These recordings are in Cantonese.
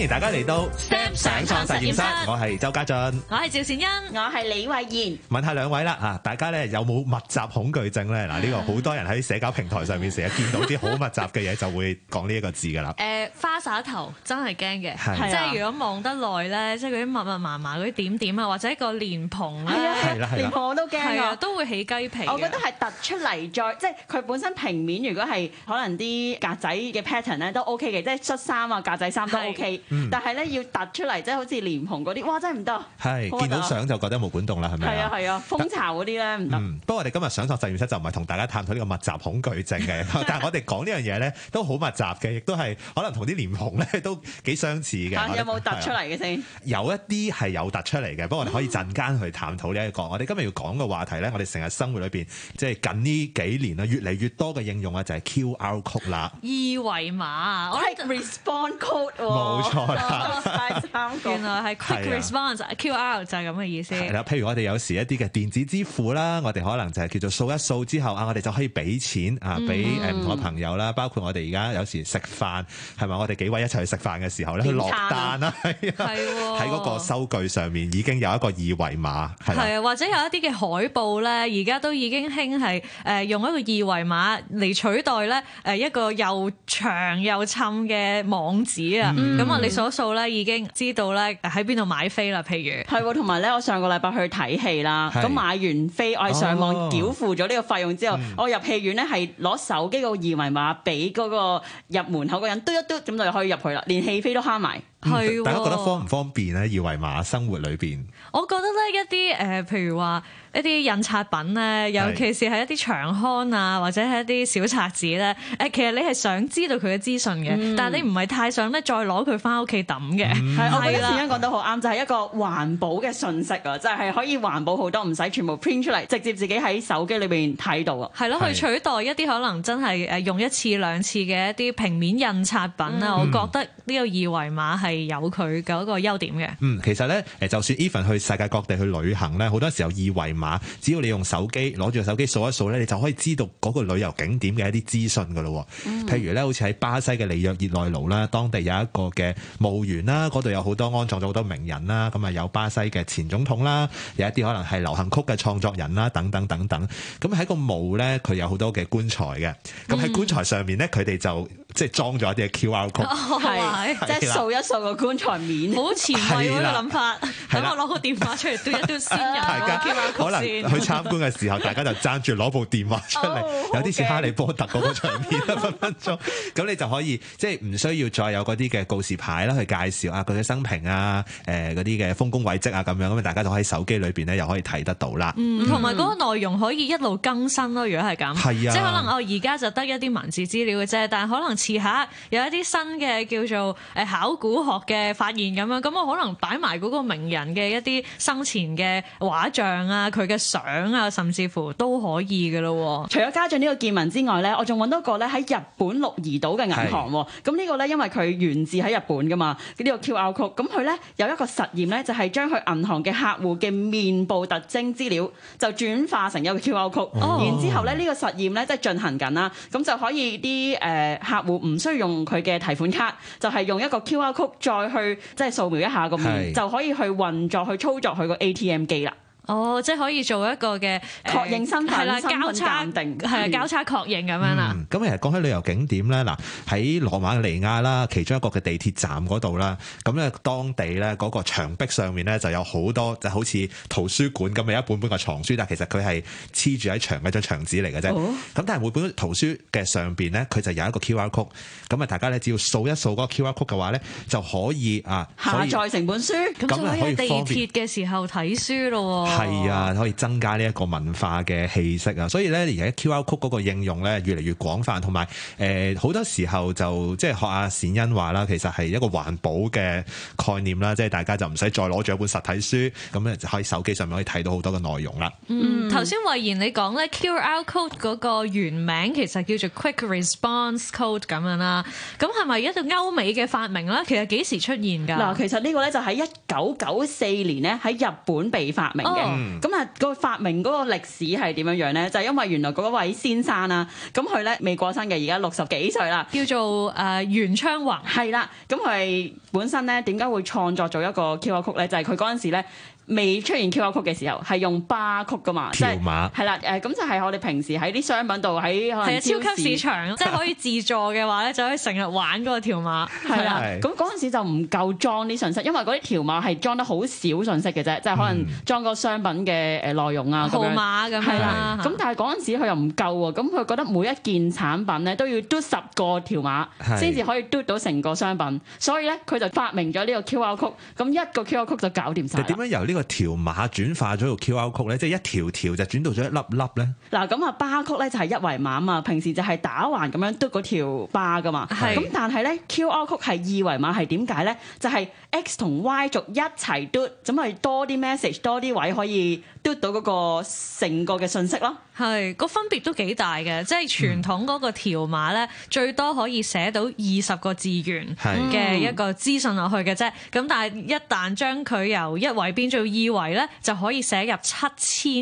歡迎大家嚟到。想創實驗室，我係周家俊，我係趙善欣，我係李慧賢。問下兩位啦嚇，大家咧有冇密集恐懼症咧？嗱，呢個好多人喺社交平台上面成日見到啲好密集嘅嘢，就會講呢一個字㗎啦。誒，花灑頭真係驚嘅，啊、即係如果望得耐咧，即係嗰啲密密麻麻嗰啲點點啊，或者一個蓮蓬啦，係啦，蓮蓬我都驚啊，都會起雞皮。我覺得係突出嚟再，即係佢本身平面，如果係可能啲格仔嘅 pattern 咧都 OK 嘅，即係恤衫啊、格仔衫都 OK，是、啊、但係咧要突出嚟即係好似蓮蓬嗰啲，哇真係唔得。係、啊、見到相就覺得冇管動啦，係咪啊？係啊係啊，蜂巢嗰啲咧唔得。不、嗯、過、嗯、我哋今日上堂實驗室就唔係同大家探討呢個密集恐懼症嘅， 但係我哋講呢樣嘢咧都好密集嘅，亦都係可能同啲蓮蓬咧都幾相似嘅。有冇突出嚟嘅先？有一啲係有突出嚟嘅，不 過我哋可以陣間去探討呢、這、一個。我哋今日要講嘅話題咧，我哋成日生活裏邊即係近呢幾年啊，越嚟越多嘅應用啊，就係 QR code 啦，二維碼，我係 respond code，冇錯原來係 Quick Response，QR、啊、就係咁嘅意思。係啦，譬如我哋有時一啲嘅電子支付啦，我哋可能就係叫做掃一掃之後啊，我哋就可以俾錢啊，俾誒唔同嘅朋友啦、嗯。包括我哋而家有時食飯係咪？係係我哋幾位一齊去食飯嘅時候咧，落單啦，喺嗰、啊、 個收據上面已經有一個二維碼。係啊，啊，或者有一啲嘅海報咧，而家都已經興係誒用一個二維碼嚟取代咧誒一個又長又沉嘅網址啊。咁我哋所掃咧已經。知道咧喺邊度買飛啦，譬如係喎，同埋咧，我上個禮拜去睇戲啦，咁買完飛，我係上網繳付咗呢個費用之後，哦、我入戲院咧係攞手機個二維碼俾嗰個入門口個人嘟一嘟，咁就可以入去啦，連戲飛都慳埋。係、嗯哦，大家覺得方唔方便咧？二維碼生活裏邊，我覺得咧一啲誒、呃，譬如話一啲印刷品咧，尤其是係一啲長刊啊，或者係一啲小冊子咧，誒，其實你係想知道佢嘅資訊嘅、嗯，但係你唔係太想咧再攞佢翻屋企揼嘅。係、嗯、啦，啱 講得好啱，就係、是、一個環保嘅信息啊，就係、是、可以環保好多，唔使全部 print 出嚟，直接自己喺手機裏邊睇到啊。係咯，去取代一啲可能真係誒用一次兩次嘅一啲平面印刷品啊、嗯。我覺得呢個二維碼係。係有佢嘅一個優點嘅。嗯，其實咧，誒，就算 even 去世界各地去旅行咧，好多時候二維碼，只要你用手機攞住手機掃一掃咧，你就可以知道嗰個旅遊景點嘅一啲資訊噶咯。譬如咧，好似喺巴西嘅里約熱內盧啦，當地有一個嘅墓園啦，嗰度有好多安葬咗好多名人啦，咁啊有巴西嘅前總統啦，有一啲可能係流行曲嘅創作人啦，等等等等。咁喺個墓咧，佢有好多嘅棺材嘅。咁喺棺材上面咧，佢、嗯、哋就。即係裝咗一啲嘅 QR Code，係即係掃一掃個棺材面，好前衞喎個諗法。等我攞個電話出嚟，嘟一嘟先 大啊！可能去參觀嘅時候， 大家就爭住攞部電話出嚟，哦，有啲似哈利波特嗰個場面分分鐘。咁 你就可以即係唔需要再有嗰啲嘅告示牌啦，去介紹 啊佢嘅生平啊，誒嗰啲嘅豐功偉績啊咁樣，咁大家就喺手機裏邊咧又可以睇得到啦。同埋嗰個內容可以一路更新咯、啊。如果係咁，係啊，即係可能我而家就得一啲文字資料嘅啫，但係可能。遲下有一啲新嘅叫做誒考古學嘅發現咁樣，咁我可能擺埋嗰個名人嘅一啲生前嘅畫像啊，佢嘅相啊，甚至乎都可以嘅咯。除咗加進呢個見聞之外咧，我仲搵到一個咧喺日本鹿兒島嘅銀行。咁呢個咧因為佢源自喺日本噶嘛，呢個 QR Code，咁佢咧有一個實驗咧就係將佢銀行嘅客戶嘅面部特徵資料就轉化成一個 QR Code，然之後咧呢個實驗咧即係進行緊啦，咁就可以啲誒客戶。唔需要用佢嘅提款卡，就係、是、用一個 QR code 再去即係掃描一下咁樣，就可以去運作、去操作佢個 ATM 機啦。哦、oh，即係可以做一個嘅確認身，係、呃、啦，交叉係啊，交叉確認咁樣啦。咁其實講起旅遊景點咧，嗱喺羅馬尼亞啦，其中一個嘅地鐵站嗰度啦，咁咧當地咧嗰個牆壁上面咧就有好多就好似圖書館咁嘅一本本嘅藏書，但其實佢係黐住喺牆嘅張牆紙嚟嘅啫。咁、哦、但係每本圖書嘅上面咧，佢就有一個 QR Code。咁啊，大家咧只要掃一掃嗰個 QR Code 嘅話咧，就可以啊下載成本書。咁就可以喺地鐵嘅時候睇書咯。係啊，可以增加呢一個文化嘅氣息啊，所以咧而家 QR Code 嗰個應用咧越嚟越廣泛，同埋誒好多時候就即係學阿善恩話啦，其實係一個環保嘅概念啦，即係大家就唔使再攞住一本實體書，咁咧就可以手機上面可以睇到好多嘅內容啦。嗯，頭先惠言你講咧 QR Code 嗰個原名其實叫做 Quick Response Code 咁樣啦，咁係咪一個歐美嘅發明咧？其實幾時出現㗎？嗱，其實呢個咧就喺一九九四年咧喺日本被發明嘅。咁、哦、啊，個發明嗰個歷史係點樣樣咧？就係、是、因為原來嗰位先生啊，咁佢咧未過身嘅，而家六十幾歲啦，叫做誒、呃、袁昌華，係啦。咁佢本身咧，點解會創作咗一個 QR Code 咧？就係佢嗰陣時咧。未出現 QR code 嘅時候，係用 barcode 噶嘛？條碼係啦，咁就係、係、我哋平時喺啲商品度喺係啊，超級市場 即係可以自助嘅話咧，就可以成日玩嗰個條碼。係啦，咁嗰陣時就唔夠裝啲信息，因為嗰啲條碼係裝得好少信息嘅啫，即係可能裝個商品嘅誒內容啊、嗯、號碼咁係啦，咁但係嗰陣時佢又唔夠喎，咁佢覺得每一件產品咧都要嘟十個條碼，先至可以嘟到成個商品。所以咧，佢就發明咗呢個 QR code。咁一個 QR code 就搞掂晒。條碼轉化咗個 QR 曲咧，即係一條條就轉到咗一粒粒咧。嗱、嗯，咁啊，巴曲咧就係一維碼啊嘛，平時就係打橫咁樣嘟嗰條巴噶嘛。係。咁但係咧，QR 曲係二維碼，係點解咧？就係、是、X 同 Y 軸一齊嘟，咁、就、咪、是、多啲 message，多啲位可以嘟到嗰個成個嘅信息咯。係，個分別都幾大嘅，即係傳統嗰個條碼咧，最多可以寫到二十個字元嘅一個資訊落去嘅啫。咁、嗯、但係一旦將佢由一維變就以為咧就可以寫入七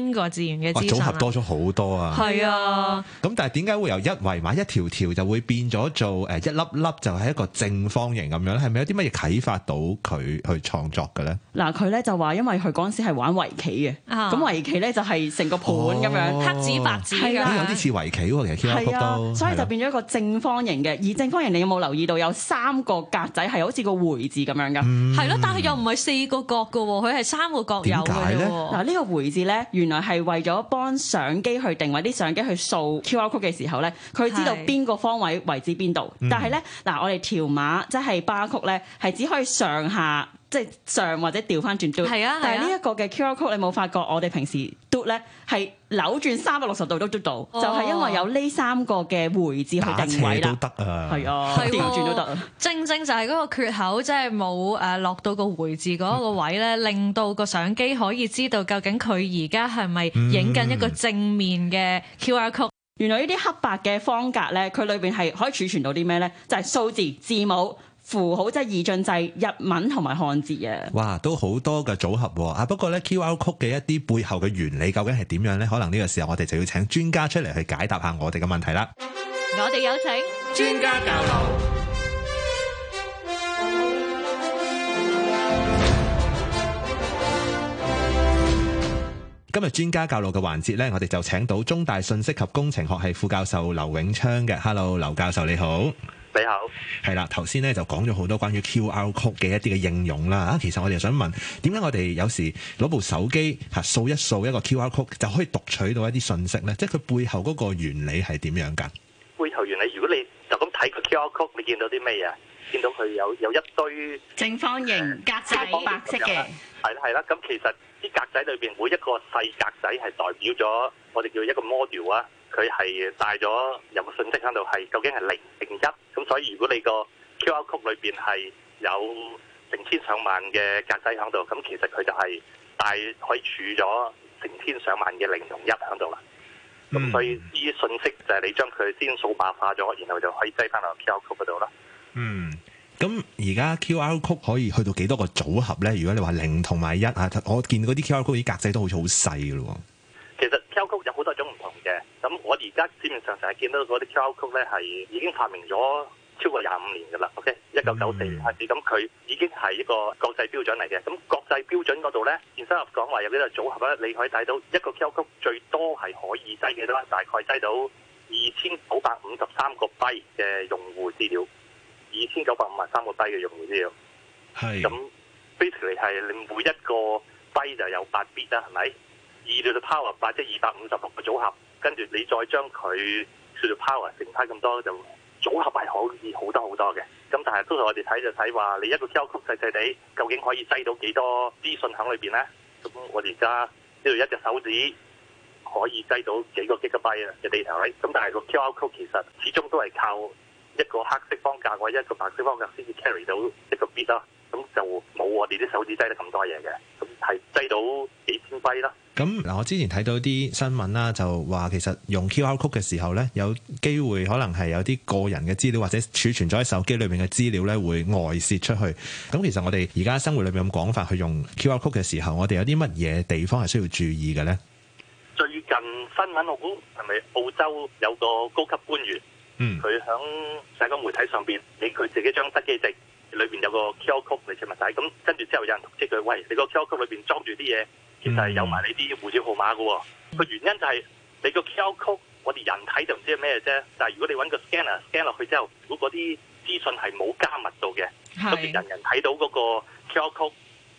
千個字元嘅、哦、組合多咗好多啊！係啊，咁但係點解會由一維碼一條條就會變咗做一粒粒，就係一個正方形咁樣？係咪有啲乜嘢啟發到佢去創作嘅咧？嗱、啊，佢咧就話因為佢嗰陣時係玩圍棋嘅，咁、啊、圍棋咧就係成個盤咁樣，哦、黑子白子啦、啊欸，有啲似圍棋喎，其實 Q 版、啊、所以就變咗一個正方形嘅。而正方形你有冇留意到有三個格仔係好似個回字咁樣㗎？係、嗯、咯、啊，但佢又唔係四個角㗎喎，佢係三。生活角有嘅啫，嗱呢個回字咧，原來係為咗幫相機去定位，啲相機去掃 QR code 嘅時候咧，佢知道邊個方位位置邊度，但係咧，嗱我哋條碼即係 barcode 咧，係只可以上下。即係上或者掉翻轉 do，但係呢一個嘅 QR code 你冇發覺，我哋平時 do 咧係扭轉三百六十度都嘟到、哦，就係、是、因為有呢三個嘅回字去定位，打斜都得啊，係啊，調轉都得。啊、 正正就係嗰個缺口，即係冇誒落到個回字嗰個位咧， 令到個相機可以知道究竟佢而家係咪影緊一個正面嘅 QR code、嗯嗯。原來呢啲黑白嘅方格咧，佢裏面係可以儲存到啲咩咧？就係、是、數字字母。符號即係二進制、日文同埋漢字啊！哇，都好多嘅組合啊！不過呢 q R 曲嘅一啲背後嘅原理究竟係點樣呢？可能呢個時候我哋就要請專家出嚟去解答下我哋嘅問題啦。我哋有請專家教導。今日專家教導嘅環節呢，我哋就請到中大信息及工程學系副教授劉永昌嘅。Hello，劉教授你好。你好，係啦，頭先咧就講咗好多關於 QR Code 嘅一啲嘅應用啦啊，其實我哋想問，點解我哋有時攞部手機吓掃一掃一個 QR Code 就可以讀取到一啲信息咧？即係佢背後嗰個原理係點樣噶？背後原理，如果你就咁睇個 QR Code，你見到啲咩啊？見到佢有有一堆正方形格仔白色嘅。係啦係啦，咁其實啲格仔裏邊每一個細格仔係代表咗我哋叫一個 module 啊。佢係帶咗有個信息喺度，係究竟係零定一咁。所以如果你個 Q R 曲裏邊係有成千上萬嘅格仔喺度，咁其實佢就係帶可以儲咗成千上萬嘅零同一喺度啦。咁、嗯、所以呢啲信息就係你將佢先數碼化咗，然後就可以擠翻落 Q R 曲嗰度啦。嗯，咁而家 Q R 曲可以去到幾多個組合咧？如果你話零同埋一啊，我見嗰啲 Q R 曲啲格仔都好似好細嘅咯。咁我而家市面上成日見到嗰啲 QR Code 咧，係已經發明咗超過廿五年㗎喇。OK，一九九四年，咁佢已經係一個國際標準嚟嘅。咁國際標準嗰度咧，連生入講話有幾多組合咧？你可以睇到一個 QR Code 最多係可以擠幾多？大概擠到二千九百五十三個 byte 嘅用戶資料，二千九百五十三個 byte 嘅用戶資料。咁，basically 係你每一個 byte 就有八 bit 啦，係咪？二度嘅 power 八即係二百五十六個組合。跟住你再將佢叫做 power 乘開咁多，就組合係可以好多好多嘅。咁但係通常我哋睇就睇話，你一個 QR Code 細細地，究竟可以擠到幾多資訊喺裏面咧？咁我哋而家呢度一隻手指可以擠到幾個 Gigabyte 啊嘅地頭。咁但係個 QR Code 其實始終都係靠一個黑色方格或者一個白色方格先至 carry 到一個 bit 咯。咁就冇我哋啲手指擠得咁多嘢嘅。咁係擠到幾千 bit 啦。咁嗱，我之前睇到啲新聞啦，就話其實用 QR code 嘅時候咧，有機會可能係有啲個人嘅資料或者儲存咗喺手機裏面嘅資料咧，會外泄出去。咁其實我哋而家生活裏面咁廣泛去用 QR code 嘅時候，我哋有啲乜嘢地方係需要注意嘅咧？最近新聞，我估係咪澳洲有個高級官員？嗯，佢喺社交媒體上邊，你佢自己張登記證裏邊有個 QR code 嚟唔物體，咁跟住之後有人通知佢，喂，你個 QR code 裏邊裝住啲嘢，其實係有埋呢啲護照號碼嘅喎、哦嗯，個原因就係、是、你個 QR code，我哋人睇就唔知係咩啫。但係如果你搵個 scanner scan 落去之後，如果嗰啲資訊係冇加密到嘅，咁就人人睇到嗰個 QR code，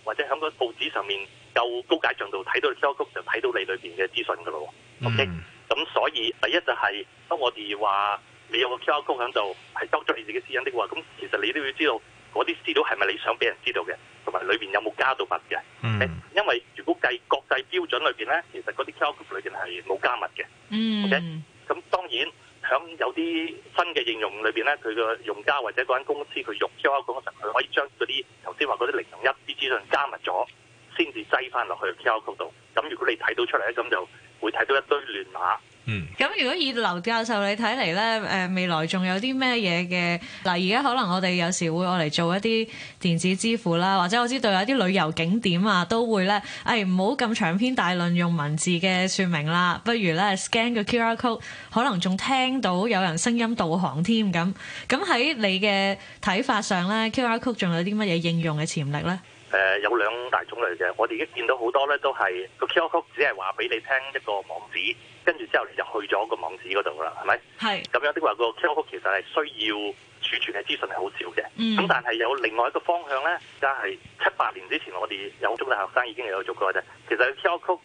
或者喺個報紙上面夠高解像度睇到嘅 QR code，就睇到你裏邊嘅資訊嘅咯、嗯。OK，咁所以第一就係、是、當我哋話你有個 QR code 喺度，係收咗你自己私隱的話，咁其實你都要知道嗰啲資料係咪你想俾人知道嘅。同埋裏邊有冇加到密嘅？嗯、mm.，因為如果計國際標準裏邊咧，其實嗰啲 QR Code 裏邊係冇加密嘅。嗯、mm.，OK，咁當然響有啲新嘅應用裏邊咧，佢個用家或者嗰間公司佢用 QR Code 嗰陣，佢可以將嗰啲頭先話嗰啲零零一啲資訊加密咗，先至擠翻落去 QR Code 度。咁如果你睇到出嚟咧，咁就會睇到一堆亂碼。咁、嗯、如果以劉教授你睇嚟咧，誒未來仲有啲咩嘢嘅嗱？而家可能我哋有時會攞嚟做一啲電子支付啦，或者我知道有啲旅遊景點啊，都會咧誒唔好咁長篇大論用文字嘅説明啦，不如咧 scan 個 QR Code，可能仲聽到有人聲音導航添，咁咁喺你嘅睇法上咧，QR Code 仲有啲乜嘢應用嘅潛力咧？誒 有兩大種類嘅，我哋已經見到好多咧，都、這、係個 QR code 只係話俾你聽一個網址，跟住之後你就去咗個網址嗰度噶啦，係咪？係咁樣嘅話、這個 QR code 其實係需要儲存嘅資訊係好少嘅，咁、mm. 但係有另外一個方向咧，而家係七八年之前我哋有中大學生已經有做過啫，其實 QR code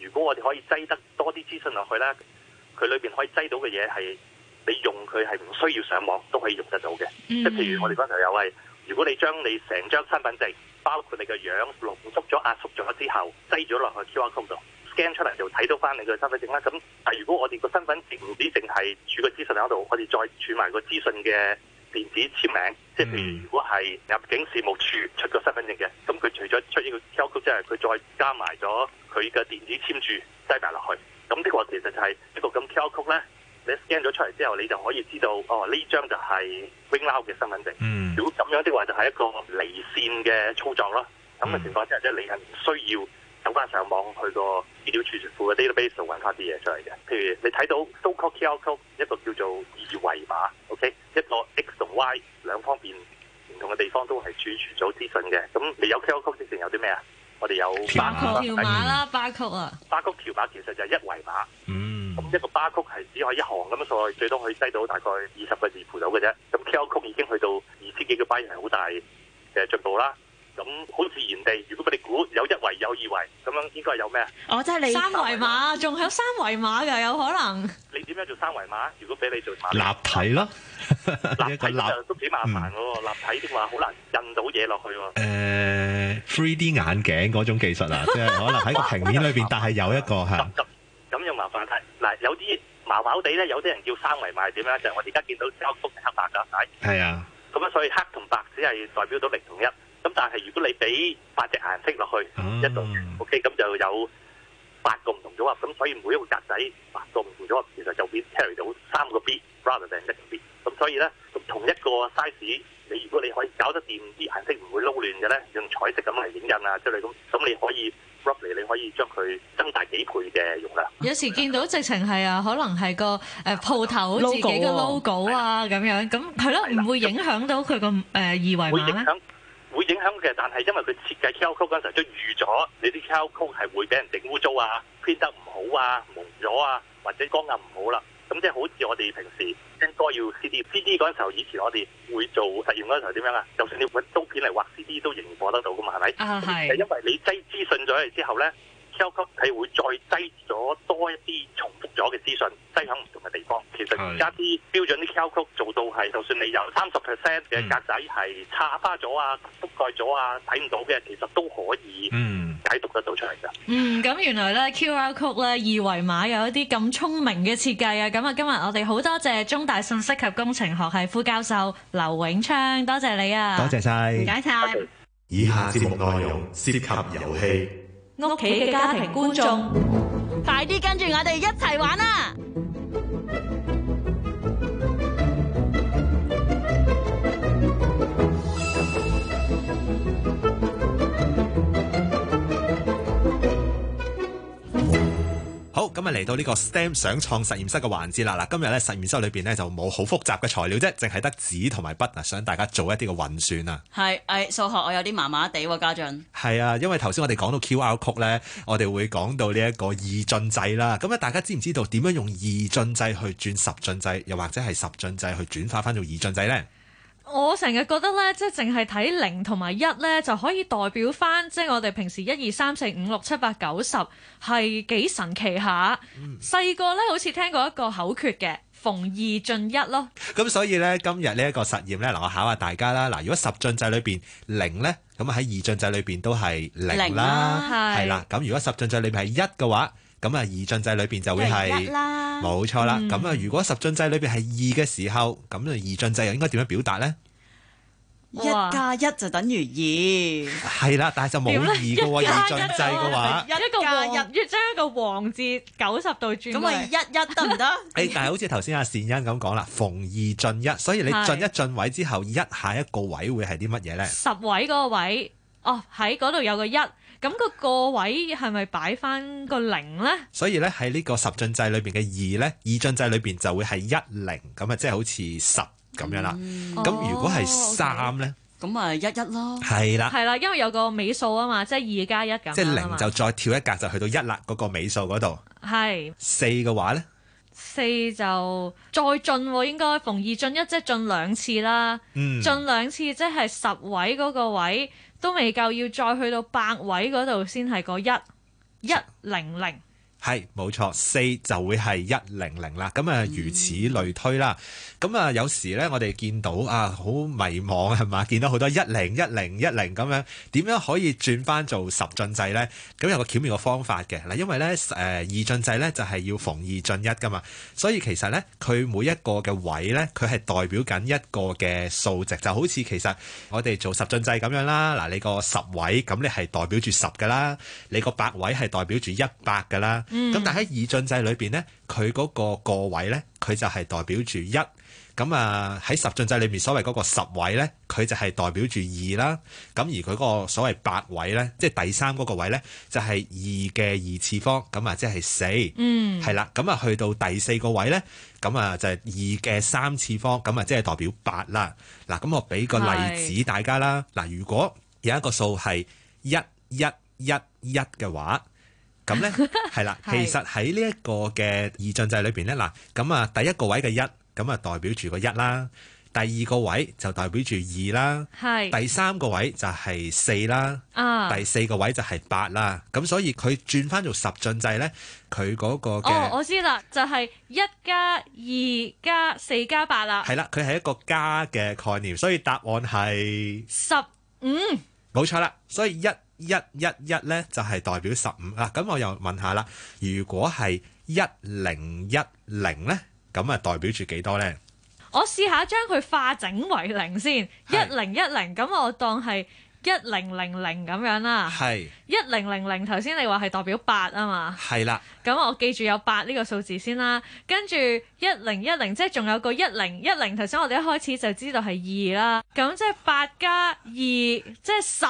如果我哋可以擠得多啲資訊落去咧，佢裏邊可以擠到嘅嘢係你用佢係唔需要上網都可以用得到嘅。即、mm. 譬如我哋嗰頭有位，如果你將你成張身份證。包括你個樣濃縮咗、壓縮咗之後，擠咗落去 QR code 度 scan 出嚟就睇到翻你個身份證啦。咁但係如果我哋個身份證唔止淨係儲個資訊喺度，我哋再儲埋個資訊嘅電子簽名。即係譬如如果係入境事務處出個身份證嘅，咁佢除咗出呢個 QR code 之外，佢再加埋咗佢嘅電子簽注擠埋落去。咁呢個其實就係一個咁 QR code 咧，你 scan 咗出嚟之後，你就可以知道哦呢張就係 Wing Lau 嘅身份證。嗯。咁樣嘅話就係一個離線嘅操作咯，咁嘅情況之下即係你係唔需要走返上網去個資料儲存庫嘅 database 度揾翻啲嘢出嚟嘅。譬如你睇到 so-called QR code 一個叫做二維碼，OK，一個 X 同 Y 兩方面唔同嘅地方都係儲存咗資訊嘅。咁你有 QR code 之前有啲咩啊？我哋有巴曲、條碼啦，巴曲啊，巴曲條碼其實就係一維碼。嗯，咁一個巴曲係只可以一行咁，所以最多可以製到大概二十個字符到嘅啫。咁 QR 曲已經去到二千幾個 byte 係好大嘅進步啦。咁好自然地，如果俾你估有一維有二維，咁樣應該係有咩啊？哦，即係三維碼，仲響三維碼又有可能。你點樣做三維碼？如果俾你做立體咯，立體， 立體就都幾麻煩喎、嗯。立體嘅話好難印到嘢落去。誒，three D 眼鏡嗰種技術啊，即 係可能喺個平面裏邊， 但係有一個吓咁又麻煩。嗱，有啲麻麻地咧，有啲人叫三維碼，點樣？就係、我而家見到膠幅係黑白噶，係啊，咁樣，所以黑同白只係代表到零同一。咁但係如果你俾八隻顏色落去，一度 O K，咁就有八個唔同組合，咁所以每一個格仔，八個唔同組合，其實就會 carry 到三個 B，rather than 一個 B。咁所以咧，咁同一個 size，你如果你可以搞得掂啲顏色唔會撈亂嘅咧，用彩色咁嚟影印啊，即係咁，咁你可以 roughly 你可以將佢增大幾倍嘅容量。有時見到直情係啊，可能係個誒鋪頭自己嘅 logo 啊，咁樣咁係咯，唔會影響到佢個誒二維碼咧。會咁但係因為佢設計 cut 曲嗰陣候都預咗，你啲 cut 曲係會俾人整污糟啊，編得唔好啊，蒙咗啊，或者光暗唔好啦。咁即係好似我哋平時應該要 CD，CD 嗰 CD 陣時候以前我哋會做實驗嗰陣時候點樣啊？就算你揾刀片嚟畫 CD 都營火得到噶嘛？係咪？啊，係。因為你擠資訊咗嚟之後咧，cut 曲係會再擠咗多一啲重複咗嘅資訊，擠響。其實而家啲標準啲 QR Code 做到係，就算你有三十 percent 嘅格仔係擦花咗啊、覆蓋咗啊、睇唔到嘅，其實都可以解讀得到出嚟噶。嗯，咁原來咧，QR Code 咧，二維碼有一啲咁聰明嘅設計啊！咁啊，今日我哋好多謝中大信息及工程學系副教授劉永昌，多謝你啊！多謝晒，唔該晒。以下節目內容涉及遊戲，屋企嘅家庭觀眾，快啲跟住我哋一齊玩啊！好，咁啊嚟到呢個 STEM 想創實驗室嘅環節啦！嗱，今日咧實驗室裏邊咧就冇好複雜嘅材料啫，淨係得紙同埋筆啊，想大家做一啲嘅運算啊。係，誒、哎，數學我有啲麻麻地，家俊。係啊，因為頭先我哋講到 QR Code 咧，我哋會講到呢一個二進制啦。咁啊，大家知唔知道點樣用二進制去轉十進制，又或者係十進制去轉化翻做二進制咧？我成日覺得呢，即係淨係睇零同埋一呢，就可以代表返即係我哋平時一二三四五六七八九十，係幾神奇下。細個呢，好似聽過一個口訣嘅，逢二進一咯。咁所以呢，今日呢一個實驗呢，嗱我考，考下大家啦。嗱，如果十進制裏面零呢，咁喺二進制裏面都係零啦，啊，係啦。咁如果十進制裏面係一嘅話。咁啊，二進制裏邊就會係，冇錯啦。咁啊，嗯、如果十進制裏邊係二嘅時候，咁啊，二進制又應該點樣表達呢？一加一就等於二，係啦，但係就冇二㗎喎，二進制嘅話，一,一,一個日要將一個黃字九十度轉，咁咪一一得唔得？ 但係好似頭先阿善欣咁講啦，逢二進一，所以你進一進位之後，一下一個位會係啲乜嘢呢？十位嗰個位，哦，喺嗰度有個一。咁、那個個位係咪擺翻個零呢？所以呢，喺呢個十進制裏面嘅二呢，二進制裏面就會係一零咁啊，即係好似十咁樣啦。咁如果係三呢，咁啊一一咯。係、okay. 啦，係啦，因為有個尾數啊嘛，即係二加一咁。即係零就再跳一格就去到一啦，嗰、那個尾數嗰度。係四嘅話呢。四就再進、啊、應該逢二進一，即係進兩次啦。進、嗯、兩次即係十位嗰個位都未夠，要再去到百位嗰度先係個一一零零。係冇錯，四就會係一零零啦。咁啊，如此類推啦。咁、嗯、啊，有時咧，我哋見到啊，好迷茫係嘛，見到好多一零一零一零咁樣，點樣可以轉翻做十進制呢？咁有個巧妙嘅方法嘅嗱，因為咧，誒、呃，二進制咧就係要逢二進一噶嘛。所以其實呢，佢每一個嘅位呢，佢係代表緊一個嘅數值，就好似其實我哋做十進制咁樣啦。嗱，你個十位咁你係代表住十噶啦，你個百位係代表住一百噶啦。咁、嗯、但喺二進制裏面咧，佢嗰個個位咧，佢就係代表住一，啊。咁啊喺十進制裏面所謂嗰個十位咧，佢就係代表住二啦。咁而佢嗰個所謂八位咧，即、就、係、是、第三嗰個位咧，就係二嘅二次方，咁啊即係四。嗯，係啦。咁啊去到第四個位咧，咁啊就係二嘅三次方，咁啊即係代表八啦。嗱，咁我俾個例子大家啦。嗱，如果有一個數係一一一一嘅話。咁咧，係啦。其實喺呢一個嘅二進制裏邊咧，嗱，咁啊，第一個位嘅一，咁啊，代表住個一啦。第二個位就代表住二啦。係。第三個位就係四啦。啊。第四個位就係八啦。咁所以佢轉翻做十進制咧，佢嗰個嘅，哦，我知啦，就係一加二加四加八啦。係啦，佢係一個加嘅概念，所以答案係十五。冇錯啦，所以一。一一一咧就係代表十五嗱。咁我又問下啦，如果係一零一零咧，咁啊代表住幾多咧？我試下將佢化整為零先，一零一零，咁我當係一零零零咁樣啦。係一零零零，頭先你話係代表八啊嘛。係啦，咁我記住有八呢個數字先啦。跟住一零一零，即係仲有個一零一零。頭先我哋一開始就知道係二啦，咁即係八加二，即係十。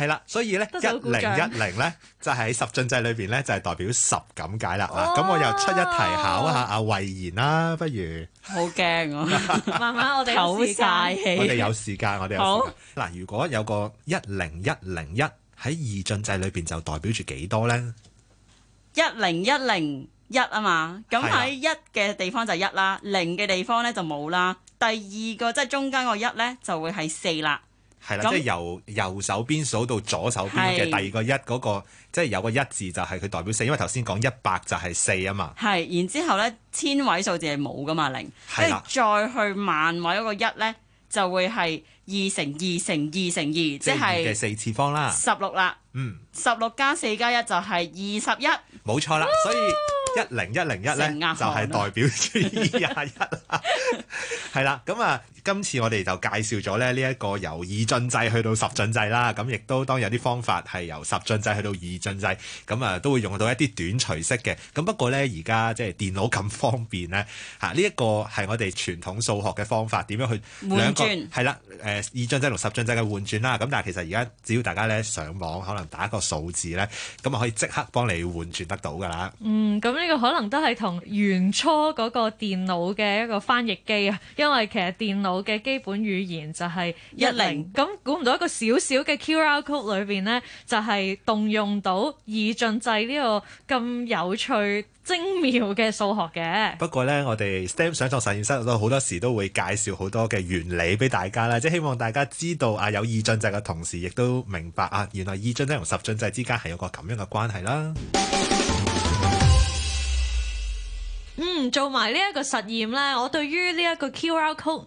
係啦，所以咧一零一零咧就喺十進制裏邊咧就係、是、代表十咁解啦。咁、哦、我又出一題考,考一下阿慧賢啦，不如？好驚啊！ 慢慢我哋唞晒氣。我哋有時間，我哋好嗱。如果有一個一零一零一喺二進制裏邊就代表住幾多咧？一零一零一啊嘛，咁喺一嘅地方就一啦，零嘅地方咧就冇啦。第二個即係中間個一咧就會係四啦。係啦，即係由右手邊數到左手邊嘅、就是、第二個一嗰、那個，即、就、係、是、有個一字就係佢代表四，因為頭先講一百就係四啊嘛。係，然之後咧千位數字係冇噶嘛零，跟住、啊、再去萬位嗰個一咧就會係二乘二乘二乘二，即係二嘅四次方啦，十六啦。嗯，十六加四加一就係二十一，冇錯啦。所以。 一零一零一咧，就係、是、代表住二十一啦，係啦。咁啊，今次我哋就介紹咗咧呢一個由二進制去到十進制啦。咁亦都當有啲方法係由十進制去到二進制，咁啊都會用到一啲短除式嘅。咁不過呢，而家即係電腦咁方便呢，呢一個係我哋傳統數學嘅方法，點樣去兩個換轉係啦？誒、呃，二進制同十進制嘅換轉啦。咁但係其實而家只要大家咧上網，可能打一個數字呢，咁啊可以即刻幫你換轉得到噶啦。嗯，呢、這個可能都係同原初嗰個電腦嘅一個翻譯機啊，因為其實電腦嘅基本語言就係一零。咁估唔到一個小小嘅 QR code 裏邊呢，就係動用到二進制呢個咁有趣精妙嘅數學嘅。不過呢，我哋 STEM 上堂實驗室都好多時候都會介紹好多嘅原理俾大家啦，即係希望大家知道啊，有二進制嘅同時，亦都明白啊，原來二進制同十進制之間係有個咁樣嘅關係啦。 做埋呢一個實驗咧，我對於呢一個 QR Code 二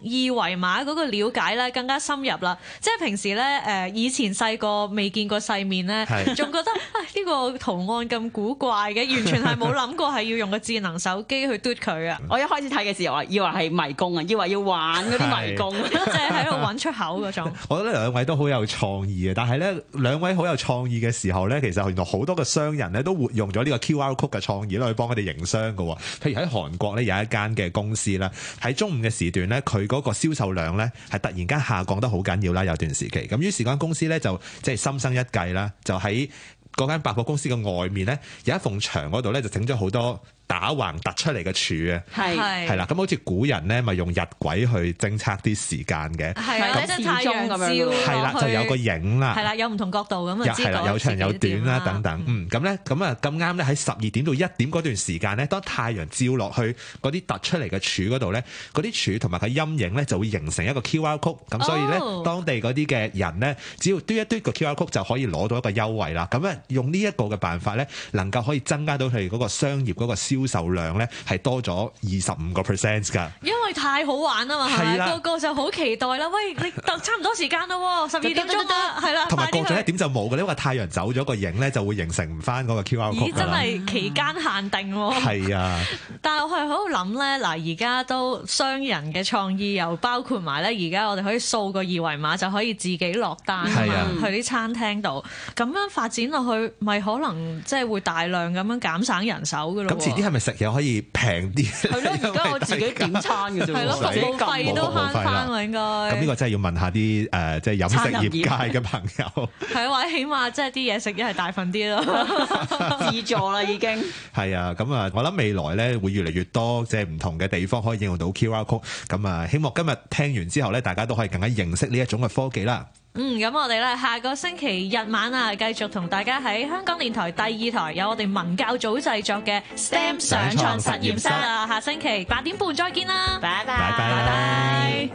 維碼嗰個了解咧更加深入啦。即係平時咧，誒、呃、以前細個未見過世面咧，仲 覺得。呢、這個圖案咁古怪嘅，完全係冇諗過係要用個智能手機去嘟佢啊！我一開始睇嘅時候話，以為係迷宮啊，以為要玩嗰啲迷宮，即係喺度搵出口嗰種。我覺得兩位都好有創意嘅，但係咧兩位好有創意嘅時候咧，其實原來好多嘅商人咧都活用咗呢個 QR Code 嘅創意咧去幫佢哋營商喎。譬如喺韓國咧有一間嘅公司啦，喺中午嘅時段咧，佢嗰個銷售量咧係突然間下降得好緊要啦，有段時期。咁於是間間公司咧就即係心生一計啦，就喺、是嗰間百貨公司嘅外面咧，有一埲牆嗰度咧，就整咗好多。打橫突出嚟嘅柱啊，係係啦，咁好似古人咧，咪用日晷去偵測啲時間嘅，係啊，即係太陽照落去，係啦，就有個影啦，係啦，有唔同角度咁啊，又係啦，有長有短啦，等等，嗯，咁、嗯、咧，咁啊，咁啱咧，喺十二點到一點嗰段時間咧，當太陽照落去嗰啲突出嚟嘅柱嗰度咧，嗰啲柱同埋佢陰影咧就會形成一個 QR Code、oh，咁所以咧，當地嗰啲嘅人咧，只要嘟一嘟個 QR Code 就可以攞到一個優惠啦，咁啊，用呢一個嘅辦法咧，能夠可以增加到佢嗰個商業嗰個銷。銷售量咧係多咗二十五個 percent 㗎，的因為太好玩了啊嘛，個個就好期待啦。喂，你就差唔多時間啦，十二 點鐘啦，係啦，同埋過咗一點就冇㗎。因為太陽走咗個影咧，就會形成唔翻嗰個 QR code，真係期間限定喎、啊嗯 啊，係啊！但係我係喺度諗咧，嗱，而家都商人嘅創意，又包括埋咧，而家我哋可以掃個二維碼就可以自己落單去啲、啊、餐廳度咁樣發展落去，咪可能即係會大量咁樣減省人手㗎咯。係咪食嘢可以平啲？係咯，而家我自己點餐嘅，係咯，服務費都慳翻喎應該。咁呢個真係要問下啲誒，即、呃、係、即係、飲食業界嘅朋友。係啊， 起碼即係啲嘢食嘢係大份啲咯， 自助啦已經。係啊，咁啊，我諗未來咧會越嚟越多，即係唔同嘅地方可以應用到 QR code。咁啊，希望今日聽完之後咧，大家都可以更加認識呢一種嘅科技啦。嗯，咁我哋咧下個星期日晚啊，繼續同大家喺香港電台第二台有我哋文教組製作嘅 STEM 上場實驗室啊，下星期八點半再見啦，拜拜拜拜。